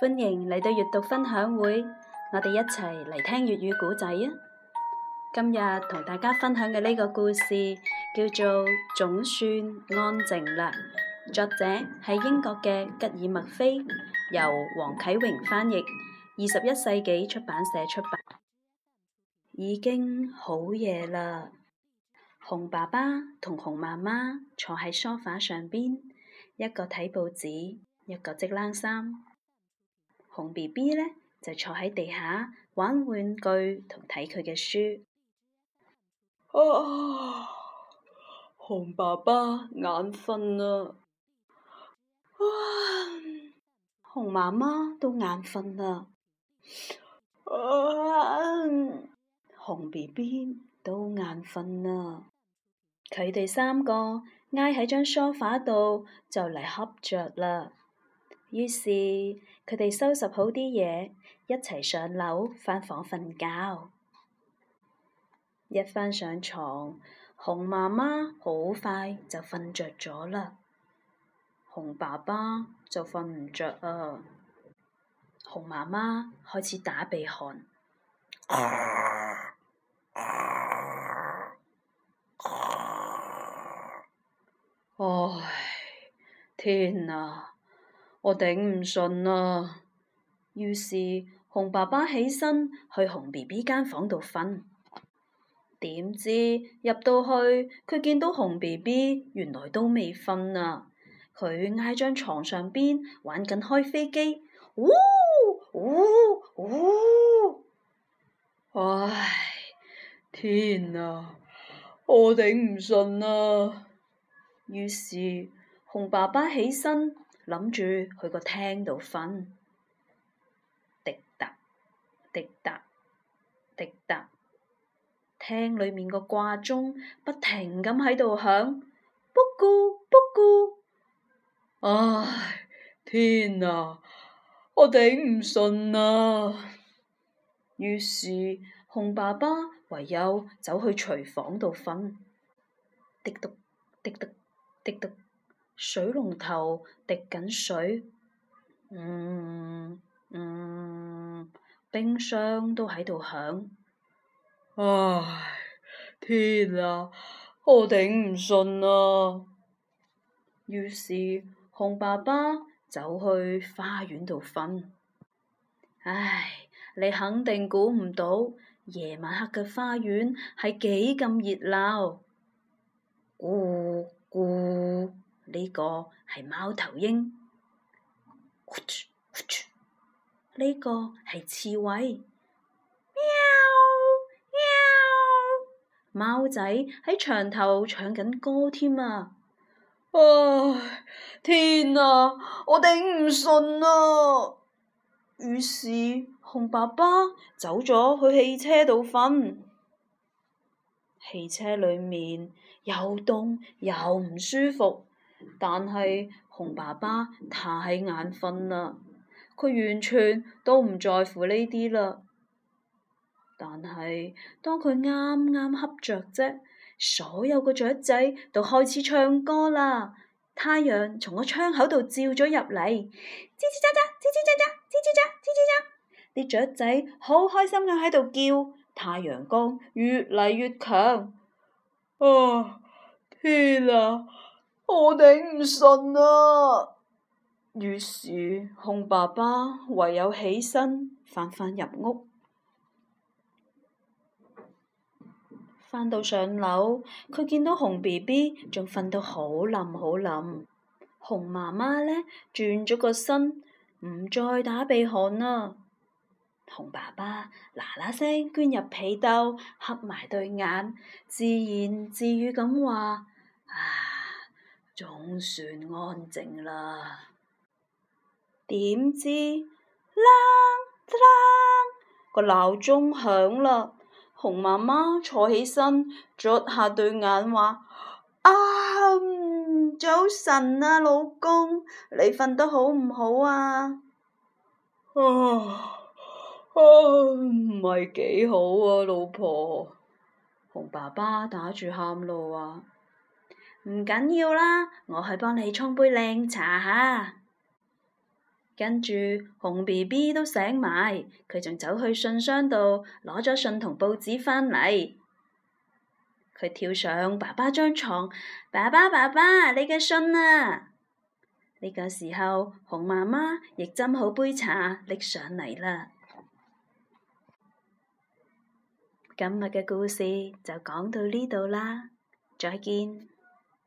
歡迎嚟到閱讀分享會，我哋一齊嚟聽粵語古仔啊！今日同大家分享嘅呢個故事叫做《總算安靜啦》，作者係英國嘅吉爾墨菲，由黃啟榮翻譯，二十一世紀出版社出版。已經好夜啦，熊爸爸同熊媽媽坐喺梳化上邊，一個睇報紙，一個織冷衫。熊 B B 呢，就坐喺地下玩玩具同睇佢嘅書。熊、啊、爸爸眼瞓啦，熊媽媽都眼瞓啦，熊、啊、B B 都眼瞓啦。佢哋三個挨喺張梳化度就嚟瞌着啦。於是佢哋收拾好啲嘢，一齊上樓返房瞓覺。一返上床，熊媽媽好快就瞓着咗啦，熊爸爸就瞓唔着啊。熊媽媽開始打鼻鼾。啊啊啊、唉，天啊！我頂唔順啊！於是熊爸爸起身去熊 B B 間房度瞓，點知入到去，佢見到熊 B B 原來都未瞓啊！佢挨張床上邊玩緊開飛機，嗚嗚嗚！唉，天啊！我頂唔順啊！於是熊爸爸起身。諗住去個廳度瞓，滴答滴答滴答，廳裏面個掛鐘不停咁喺度響，卜咕卜咕，唉，天啊，我頂唔順啊！於是熊爸爸唯有走去廚房度瞓，滴篤滴篤滴篤。水龍頭滴緊水，嗯嗯，冰箱都喺度響，唉！天啊，我頂唔順啊！於是熊爸爸走去花園度瞓，唉！你肯定估唔到夜晚黑嘅花園係幾咁熱鬧，咕咕、呃。呃呢個係貓頭鷹，呢個係刺蝟，喵喵，喵貓仔喺牆頭唱緊歌添啊！唉，天啊，我頂唔順啊！於是熊爸爸走咗去汽車度瞓，汽車裏面又凍又唔舒服。但係熊爸爸太眼瞓啦，佢完全都唔在乎呢啲啦。但係當佢啱啱恰着啫，所有個雀仔都開始唱歌啦。太陽從個窗口度照咗入嚟，喳喳喳喳，喳喳喳喳，喳喳喳喳，啲雀仔好開心嘅喺度叫。太陽光越嚟越強，啊，天啊！我頂唔順啊！於是熊爸爸唯有起身返返入屋，返到上樓，佢見到熊 B B 仲瞓到好冧好冧，熊媽媽呢轉咗個身，唔再打鼻鼾啦。熊爸爸嗱嗱聲鑽入被竇，合埋對眼，自言自語咁話。總算安靜啦，點知啦啦個鬧鐘響啦，熊媽媽坐起身，捽下對眼話，啊、嗯，早晨啊，老公，你瞓得好唔好啊？唔係、啊啊、幾好啊，老婆。熊爸爸打住喊露話。唔緊要啦，我去幫你沖杯靚茶下，跟住熊 B B 都醒埋，佢仲走去信箱度攞咗信同報紙翻嚟，佢跳上爸爸張床，爸爸爸爸，你嘅信啊！呢個時候，熊媽媽亦斟好杯茶拎上嚟啦。今日嘅故事就講到呢度啦，再見。